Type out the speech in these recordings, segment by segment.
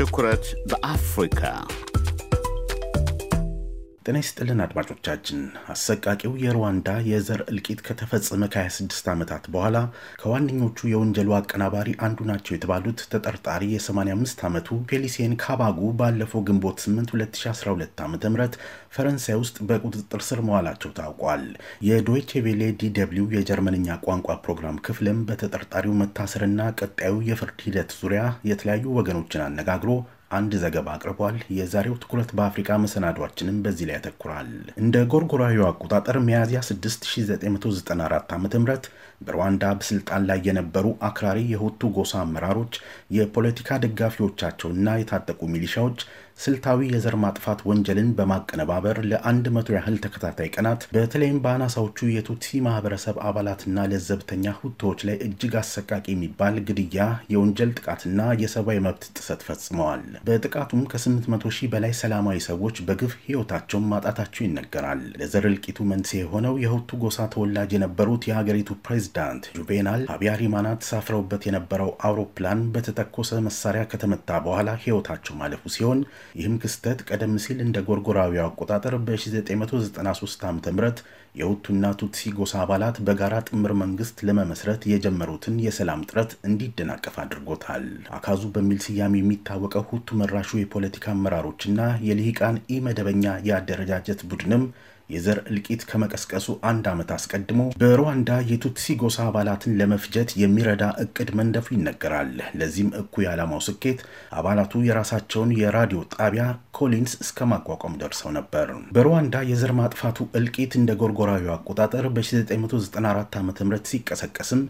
Aristocrat Africa. ጤና ይስጥልን አድማጮቻችን። አሰቃቂው የሩዋንዳ የዘር እልቂት ከተፈጸመ ከ26 ዓመታት በኋላ ከዋነኞቹ የወንጀሉ አቀናባሪ አንዱ ናቸው የተባሉት ተጠርጣሪ የ85 ዓመቱ ፌሊሴን ካባጉ ባለፈው ግንቦት 8 2012 ዓ ም ፈረንሳይ ውስጥ በቁጥጥር ስር መዋላቸው ታውቋል። የዶይቼ ቬሌ የጀርመንኛ ቋንቋ ፕሮግራም ክፍልም በተጠርጣሪው መታሰርና ቀጣዩ የፍርድ ሂደት ዙሪያ የተለያዩ ወገኖችን አነጋግሮ አንድ ዘገባ አቅርቧል። የዛሬው ትኩረት በአፍሪካ መሰናዷችንም በዚህ ላይ ያተኩራል። እንደ ጎርጎራዊ አቆጣጠር ሚያዝያ 6994 ዓ ም በሩዋንዳ በስልጣን ላይ የነበሩ አክራሪ የሁቱ ጎሳ አመራሮች የፖለቲካ ደጋፊዎቻቸውና የታጠቁ ሚሊሻዎች ስልታዊ የዘር ማጥፋት ወንጀልን በማቀነባበር ለአንድ መቶ ያህል ተከታታይ ቀናት በተለይም በአናሳዎቹ የቱቲ ማህበረሰብ አባላትና ለዘብተኛ ሁቶዎች ላይ እጅግ አሰቃቂ የሚባል ግድያ፣ የወንጀል ጥቃትና የሰብአዊ መብት ጥሰት ፈጽመዋል። በጥቃቱም ከ800 ሺህ በላይ ሰላማዊ ሰዎች በግፍ ህይወታቸውን ማጣታቸው ይነገራል። ለዘር እልቂቱ መንስኤ የሆነው የሁቱ ጎሳ ተወላጅ የነበሩት የሀገሪቱ ፕሬዝዳንት ጁቬናል ሀቢያሪማና ተሳፍረውበት የነበረው አውሮፕላን በተተኮሰ መሳሪያ ከተመታ በኋላ ህይወታቸው ማለፉ ሲሆን ይህም ክስተት ቀደም ሲል እንደ ጎርጎራዊው አቆጣጠር በ1993 ዓ ም የሁቱና ቱትሲ ጎሳ አባላት በጋራ ጥምር መንግስት ለመመስረት የጀመሩትን የሰላም ጥረት እንዲደናቀፍ አድርጎታል። አካዙ በሚል ስያሜ የሚታወቀው ሁቱ መራሹ የፖለቲካ አመራሮችና የልሂቃን ኢ መደበኛ የአደረጃጀት ቡድንም የዘር እልቂት ከመቀስቀሱ አንድ ዓመት አስቀድሞ በሩዋንዳ የቱትሲ ጎሳ አባላትን ለመፍጀት የሚረዳ እቅድ መንደፉ ይነገራል። ለዚህም እኩይ ዓላማው ስኬት አባላቱ የራሳቸውን የራዲዮ ጣቢያ ኮሊንስ እስከ ማቋቋም ደርሰው ነበር። በሩዋንዳ የዘር ማጥፋቱ እልቂት እንደ ጎርጎራዊ አቆጣጠር በ1994 ዓ ም ሲቀሰቀስም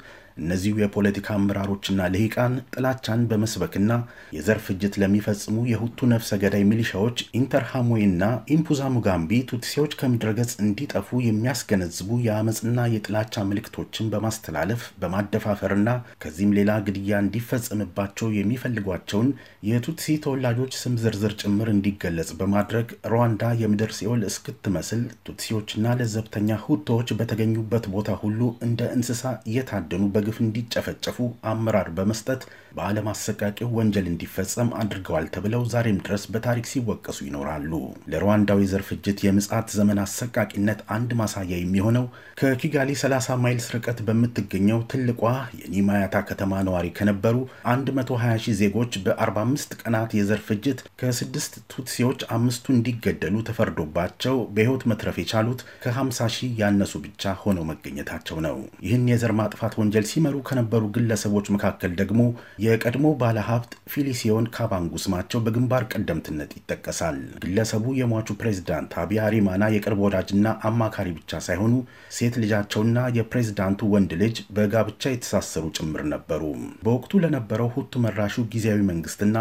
እነዚሁ የፖለቲካ አመራሮችና ልሂቃን ጥላቻን በመስበክና የዘር ፍጅት ለሚፈጽሙ የሁቱ ነፍሰ ገዳይ ሚሊሻዎች ኢንተርሃሞይና ኢምፑዛ ሙጋምቢ ቱትሴዎች ከምድረገጽ እንዲጠፉ የሚያስገነዝቡ የአመፅና የጥላቻ ምልክቶችን በማስተላለፍ በማደፋፈርና ከዚህም ሌላ ግድያ እንዲፈጸምባቸው የሚፈልጓቸውን የቱትሲ ተወላጆች ስም ዝርዝር ጭምር እንዲገለጽ በማድረግ ሩዋንዳ የምድር ሲኦል እስክትመስል ቱትሲዎችና ለዘብተኛ ሁቶዎች በተገኙበት ቦታ ሁሉ እንደ እንስሳ እየታደኑ በግፍ እንዲጨፈጨፉ አመራር በመስጠት በዓለም አሰቃቂ ወንጀል እንዲፈጸም አድርገዋል ተብለው ዛሬም ድረስ በታሪክ ሲወቀሱ ይኖራሉ። ለሩዋንዳዊ ዘር ፍጅት የምጽአት ዘመን አሰቃቂነት አንድ ማሳያ የሚሆነው ከኪጋሊ 30 ማይልስ ርቀት በምትገኘው ትልቋ የኒማያታ ከተማ ነዋሪ ከነበሩ 120 ሺህ ዜጎች በ45 ቀናት የዘር ፍጅት ከስድስት ቱትሲዎች አምስቱ እንዲገደሉ ተፈርዶባቸው በሕይወት መትረፍ የቻሉት ከ50 ሺህ ያነሱ ብቻ ሆነው መገኘታቸው ነው። ይህን የዘር ማጥፋት ወንጀል ሲመሩ ከነበሩ ግለሰቦች መካከል ደግሞ የቀድሞ ባለሀብት ፊሊሲዮን ካባንጉስ ማቸው በግንባር ቀደምትነት ይጠቀሳል። ግለሰቡ የሟቹ ፕሬዝዳንት አብይ አሪማና የቅርብ ወዳጅና አማካሪ ብቻ ሳይሆኑ ሴት ልጃቸውና የፕሬዝዳንቱ ወንድ ልጅ በጋብቻ የተሳሰሩ ጭምር ነበሩ። በወቅቱ ለነበረው ሁቱ መራሹ ጊዜያዊ መንግስትና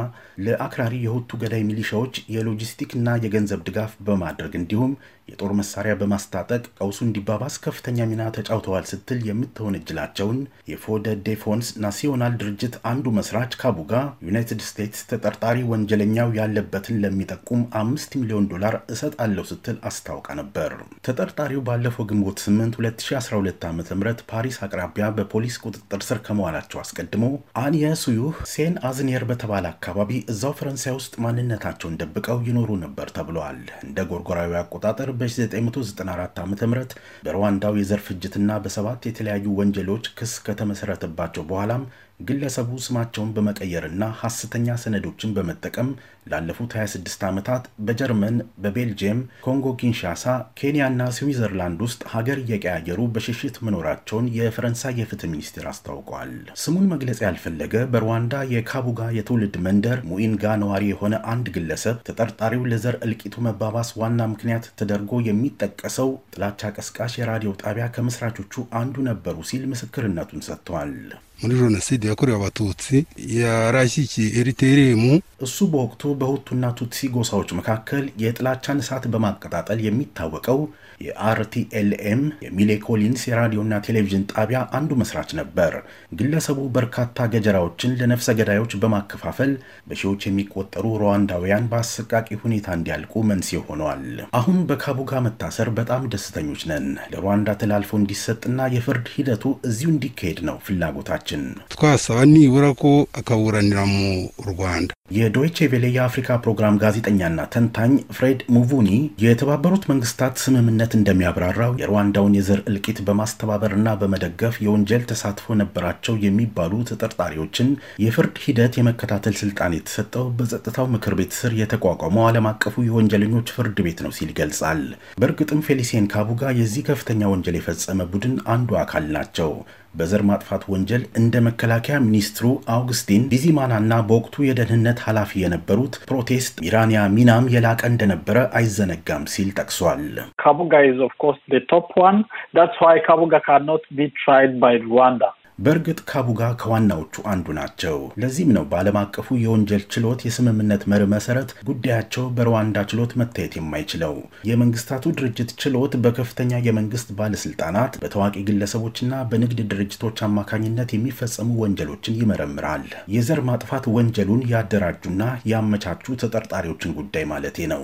ለአክራሪ የሁቱ ገዳይ ሚሊሻዎች የሎጂስቲክና የገንዘብ ድጋፍ በማድረግ እንዲሁም የጦር መሳሪያ በማስታጠቅ ቀውሱ እንዲባባስ ከፍተኛ ሚና ተጫውተዋል ስትል የምትሆን እጅላቸውን የፎደዴፎንስ ናሲዮናል ድርጅት አንዱ መስራች ካቡጋ ዩናይትድ ስቴትስ ተጠርጣሪ ወንጀለኛው ያለበትን ለሚጠቁም አምስት ሚሊዮን ዶላር እሰጣለሁ ስትል አስታውቃ ነበር። ተጠርጣሪው ባለፈው ግንቦት 8 2012 ዓ ም ፓሪስ አቅራቢያ በፖሊስ ቁጥጥር ስር ከመዋላቸው አስቀድሞ አንየ ሱዩህ ሴን አዝኔር በተባለ አካባቢ እዛው ፈረንሳይ ውስጥ ማንነታቸውን ደብቀው ይኖሩ ነበር ተብለዋል። እንደ ጎርጎራዊ አቆጣጠር በ994 ዓ ም በሩዋንዳው የዘር ፍጅትና በሰባት የተለያዩ ወንጀሎች ክስ ከ ከተመሰረተባቸው በኋላም ግለሰቡ ስማቸውን በመቀየርና ሐሰተኛ ሰነዶችን በመጠቀም ላለፉት 26 ዓመታት በጀርመን፣ በቤልጅየም፣ ኮንጎ ኪንሻሳ፣ ኬንያና ስዊዘርላንድ ውስጥ ሀገር እየቀያየሩ በሽሽት መኖራቸውን የፈረንሳይ የፍትህ ሚኒስቴር አስታውቋል። ስሙን መግለጽ ያልፈለገ በሩዋንዳ የካቡጋ የትውልድ መንደር ሙኢንጋ ነዋሪ የሆነ አንድ ግለሰብ ተጠርጣሪው ለዘር እልቂቱ መባባስ ዋና ምክንያት ተደርጎ የሚጠቀሰው ጥላቻ ቀስቃሽ የራዲዮ ጣቢያ ከመስራቾቹ አንዱ ነበሩ ሲል ምስክርነቱን ሰጥቷል። muri jenoside yakorewe abatutsi yarashyikiye eriteremu እሱ በወቅቱ በሁቱና ቱትሲ ጎሳዎች መካከል የጥላቻን እሳት በማቀጣጠል የሚታወቀው የአርቲኤልኤም የሚሌ ኮሊንስ የራዲዮና ቴሌቪዥን ጣቢያ አንዱ መስራች ነበር። ግለሰቡ በርካታ ገጀራዎችን ለነፍሰ ገዳዮች በማከፋፈል በሺዎች የሚቆጠሩ ሩዋንዳውያን በአሰቃቂ ሁኔታ እንዲያልቁ መንስኤ ሆኗል። አሁን በካቡጋ መታሰር በጣም ደስተኞች ነን። ለሩዋንዳ ተላልፎ እንዲሰጥና የፍርድ ሂደቱ እዚሁ እንዲካሄድ ነው ፍላጎታችን። ወረኮ አካውረኒራሙ የዶይቼ ቬሌ የአፍሪካ ፕሮግራም ጋዜጠኛና ተንታኝ ፍሬድ ሙቡኒ የተባበሩት መንግስታት ስምምነት እንደሚያብራራው የሩዋንዳውን የዘር እልቂት በማስተባበርና በመደገፍ የወንጀል ተሳትፎ ነበራቸው የሚባሉ ተጠርጣሪዎችን የፍርድ ሂደት የመከታተል ስልጣን የተሰጠው በጸጥታው ምክር ቤት ስር የተቋቋመው ዓለም አቀፉ የወንጀለኞች ፍርድ ቤት ነው ሲል ይገልጻል። በእርግጥም ፌሊሴን ካቡጋ የዚህ ከፍተኛ ወንጀል የፈጸመ ቡድን አንዱ አካል ናቸው። በዘር ማጥፋት ወንጀል እንደ መከላከያ ሚኒስትሩ አውግስቲን ቢዚማናና በወቅቱ የደህንነት ኃላፊ የነበሩት ፕሮቴስት ኢራንያ ሚናም የላቀ እንደነበረ አይዘነጋም ሲል ጠቅሷል። ካቡጋ ኢዝ ኦፍ ኮርስ ቶፕ ዋን ዳትስ ዋይ ካቡጋ ካኖት ቢ ትራይድ ባይ ሩዋንዳ በእርግጥ ካቡጋ ከዋናዎቹ አንዱ ናቸው። ለዚህም ነው በዓለም አቀፉ የወንጀል ችሎት የስምምነት መር መሰረት ጉዳያቸው በሩዋንዳ ችሎት መታየት የማይችለው። የመንግስታቱ ድርጅት ችሎት በከፍተኛ የመንግስት ባለስልጣናት በታዋቂ ግለሰቦችና በንግድ ድርጅቶች አማካኝነት የሚፈጸሙ ወንጀሎችን ይመረምራል። የዘር ማጥፋት ወንጀሉን ያደራጁና ያመቻቹ ተጠርጣሪዎችን ጉዳይ ማለቴ ነው።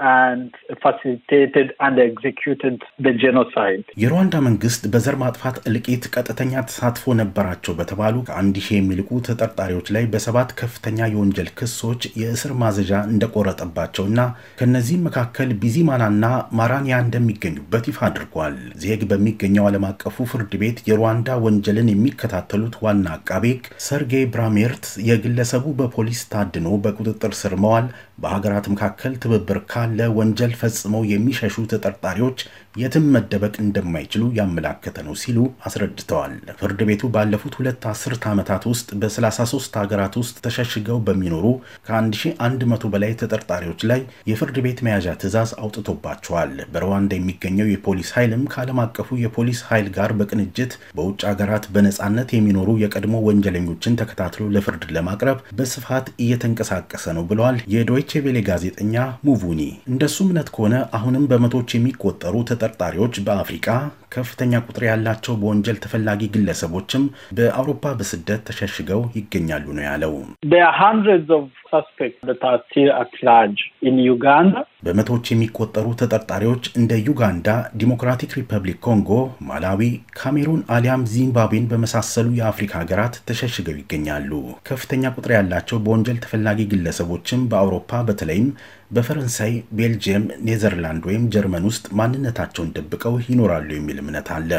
and facilitated and executed the genocide። የሩዋንዳ መንግስት በዘር ማጥፋት እልቂት ቀጥተኛ ተሳትፎ ነበራቸው በተባሉ ከአንድ ሺህ የሚልቁ ተጠርጣሪዎች ላይ በሰባት ከፍተኛ የወንጀል ክሶች የእስር ማዘዣ እንደቆረጠባቸው እና ከእነዚህም መካከል ቢዚማናና ማራኒያ እንደሚገኙበት ይፋ አድርጓል። ዜግ በሚገኘው ዓለም አቀፉ ፍርድ ቤት የሩዋንዳ ወንጀልን የሚከታተሉት ዋና አቃቤ ሰርጌይ ብራሜርት የግለሰቡ በፖሊስ ታድኖ በቁጥጥር ስር መዋል በሀገራት መካከል ትብብር ካለ ባለ ወንጀል ፈጽመው የሚሸሹ ተጠርጣሪዎች የትም መደበቅ እንደማይችሉ ያመላከተ ነው ሲሉ አስረድተዋል። ፍርድ ቤቱ ባለፉት ሁለት አስርት ዓመታት ውስጥ በ33 ሀገራት ውስጥ ተሸሽገው በሚኖሩ ከ1100 በላይ ተጠርጣሪዎች ላይ የፍርድ ቤት መያዣ ትዕዛዝ አውጥቶባቸዋል። በሩዋንዳ የሚገኘው የፖሊስ ኃይልም ከዓለም አቀፉ የፖሊስ ኃይል ጋር በቅንጅት በውጭ ሀገራት በነፃነት የሚኖሩ የቀድሞ ወንጀለኞችን ተከታትሎ ለፍርድ ለማቅረብ በስፋት እየተንቀሳቀሰ ነው ብለዋል የዶይቼ ቬሌ ጋዜጠኛ ሙቡኒ እንደሱ እምነት ከሆነ አሁንም በመቶዎች የሚቆጠሩ ተጠርጣሪዎች በአፍሪቃ ከፍተኛ ቁጥር ያላቸው በወንጀል ተፈላጊ ግለሰቦችም በአውሮፓ በስደት ተሸሽገው ይገኛሉ ነው ያለው። በመቶዎች የሚቆጠሩ ተጠርጣሪዎች እንደ ዩጋንዳ፣ ዲሞክራቲክ ሪፐብሊክ ኮንጎ፣ ማላዊ፣ ካሜሩን አሊያም ዚምባብዌን በመሳሰሉ የአፍሪካ ሀገራት ተሸሽገው ይገኛሉ። ከፍተኛ ቁጥር ያላቸው በወንጀል ተፈላጊ ግለሰቦችም በአውሮፓ በተለይም በፈረንሳይ፣ ቤልጅየም፣ ኔዘርላንድ ወይም ጀርመን ውስጥ ማንነታቸውን ደብቀው ይኖራሉ የሚል እምነት አለ።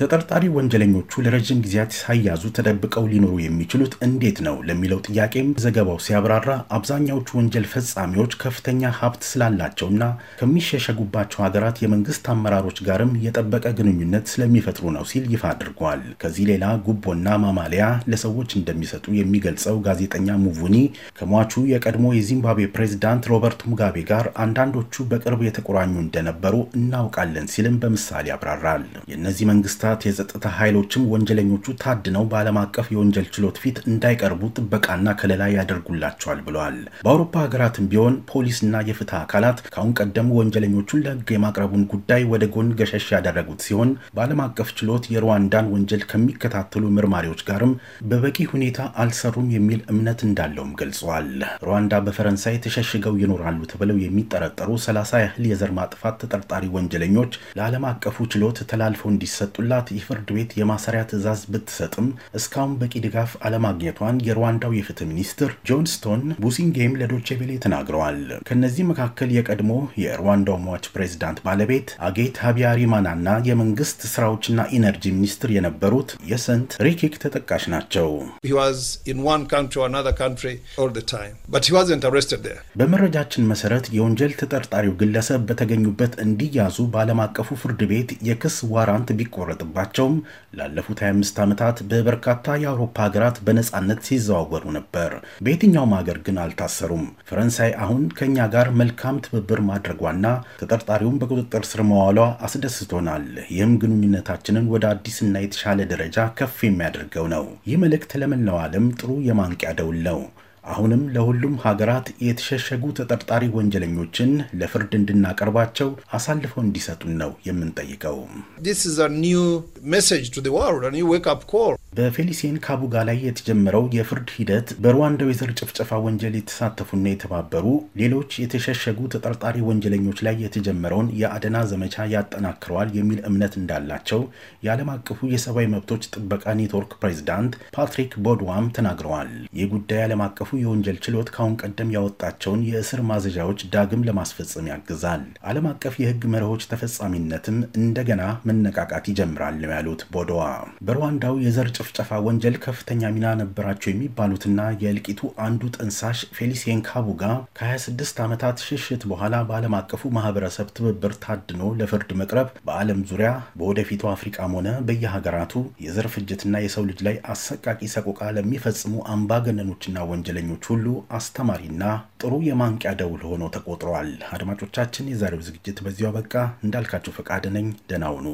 ተጠርጣሪ ወንጀለኞቹ ለረዥም ጊዜያት ሳያዙ ተደብቀው ሊኖሩ የሚችሉት እንዴት ነው ለሚለው ጥያቄም ዘገባው ሲያብራራ አብዛኛዎቹ ወንጀል ፈጻሚዎች ከፍተኛ ሀብት ስላላቸውና ከሚሸሸጉባቸው ሀገራት የመንግስት አመራሮች ጋርም የጠበቀ ግንኙነት ስለሚፈጥሩ ነው ሲል ይፋ አድርጓል። ከዚህ ሌላ ጉቦና ማማለያ ለሰዎች እንደሚሰጡ የሚገልጸው ጋዜጠኛ ሙቡኒ ከሟቹ የቀድሞ የዚምባብዌ ፕሬዚዳንት ሮበርት ሙጋቤ ጋር አንዳንዶቹ በቅር በቅርቡ የተቆራኙ እንደነበሩ እናውቃለን ሲልም በምሳሌ ያብራራል። የእነዚህ መንግስታት የጸጥታ ኃይሎችም ወንጀለኞቹ ታድነው በዓለም አቀፍ የወንጀል ችሎት ፊት እንዳይቀርቡ ጥበቃና ከለላ ያደርጉላቸዋል ብለዋል። በአውሮፓ ሀገራትም ቢሆን ፖሊስና የፍትህ አካላት ከአሁን ቀደም ወንጀለኞቹን ለህግ የማቅረቡን ጉዳይ ወደ ጎን ገሸሽ ያደረጉት ሲሆን በዓለም አቀፍ ችሎት የሩዋንዳን ወንጀል ከሚከታተሉ ምርማሪዎች ጋርም በበቂ ሁኔታ አልሰሩም የሚል እምነት እንዳለውም ገልጿል። ሩዋንዳ በፈረንሳይ ተሸሽገው ይኖራሉ ተብለው የሚጠረጠሩ ሰላሳ የዘር ማጥፋት ተጠርጣሪ ወንጀለኞች ለዓለም አቀፉ ችሎት ተላልፈው እንዲሰጡላት የፍርድ ቤት የማሰሪያ ትዕዛዝ ብትሰጥም እስካሁን በቂ ድጋፍ አለማግኘቷን የሩዋንዳው የፍትህ ሚኒስትር ጆን ስቶን ቡሲንጌም ለዶቼቤሌ ተናግረዋል። ከእነዚህ መካከል የቀድሞ የሩዋንዳው ሟች ፕሬዚዳንት ባለቤት አጌት ሀቢያሪማናና የመንግስት ስራዎችና ኢነርጂ ሚኒስትር የነበሩት የሰንት ሪኪክ ተጠቃሽ ናቸው። በመረጃችን መሰረት የወንጀል ተጠርጣሪው ግል ግለሰብ በተገኙበት እንዲያዙ በዓለም አቀፉ ፍርድ ቤት የክስ ዋራንት ቢቆረጥባቸውም ላለፉት 25 ዓመታት በበርካታ የአውሮፓ ሀገራት በነፃነት ሲዘዋወሩ ነበር። በየትኛውም ሀገር ግን አልታሰሩም። ፈረንሳይ አሁን ከእኛ ጋር መልካም ትብብር ማድረጓና ተጠርጣሪውን በቁጥጥር ስር መዋሏ አስደስቶናል። ይህም ግንኙነታችንን ወደ አዲስና የተሻለ ደረጃ ከፍ የሚያደርገው ነው። ይህ መልእክት ለመላው ዓለም ጥሩ የማንቂያ ደውል ነው። አሁንም ለሁሉም ሀገራት የተሸሸጉ ተጠርጣሪ ወንጀለኞችን ለፍርድ እንድናቀርባቸው አሳልፈው እንዲሰጡን ነው የምንጠይቀው። በፌሊሴን ካቡጋ ላይ የተጀመረው የፍርድ ሂደት በሩዋንዳ የዘር ጭፍጨፋ ወንጀል የተሳተፉና የተባበሩ ሌሎች የተሸሸጉ ተጠርጣሪ ወንጀለኞች ላይ የተጀመረውን የአደና ዘመቻ ያጠናክረዋል የሚል እምነት እንዳላቸው የዓለም አቀፉ የሰብአዊ መብቶች ጥበቃ ኔትወርክ ፕሬዚዳንት ፓትሪክ ቦድዋም ተናግረዋል። ይህ ጉዳይ ዓለም አቀፉ የወንጀል ችሎት ካሁን ቀደም ያወጣቸውን የእስር ማዘዣዎች ዳግም ለማስፈጸም ያግዛል። ዓለም አቀፍ የህግ መርሆች ተፈጻሚነትም እንደገና መነቃቃት ይጀምራል ነው ያሉት ቦዶዋ። በሩዋንዳው የዘር ጭፍጨፋ ወንጀል ከፍተኛ ሚና ነበራቸው የሚባሉትና የእልቂቱ አንዱ ጠንሳሽ ፌሊሴን ካቡጋ ከ26 ዓመታት ሽሽት በኋላ በዓለም አቀፉ ማህበረሰብ ትብብር ታድኖ ለፍርድ መቅረብ በዓለም ዙሪያ በወደፊቱ አፍሪቃም ሆነ በየሀገራቱ የዘር ፍጅትና የሰው ልጅ ላይ አሰቃቂ ሰቆቃ ለሚፈጽሙ አምባገነኖችና ወንጀል ለእድለኞች ሁሉ አስተማሪና ጥሩ የማንቂያ ደውል ሆኖ ተቆጥረዋል። አድማጮቻችን፣ የዛሬው ዝግጅት በዚሁ አበቃ። እንዳልካችሁ ፈቃድ ነኝ። ደህና ሁኑ።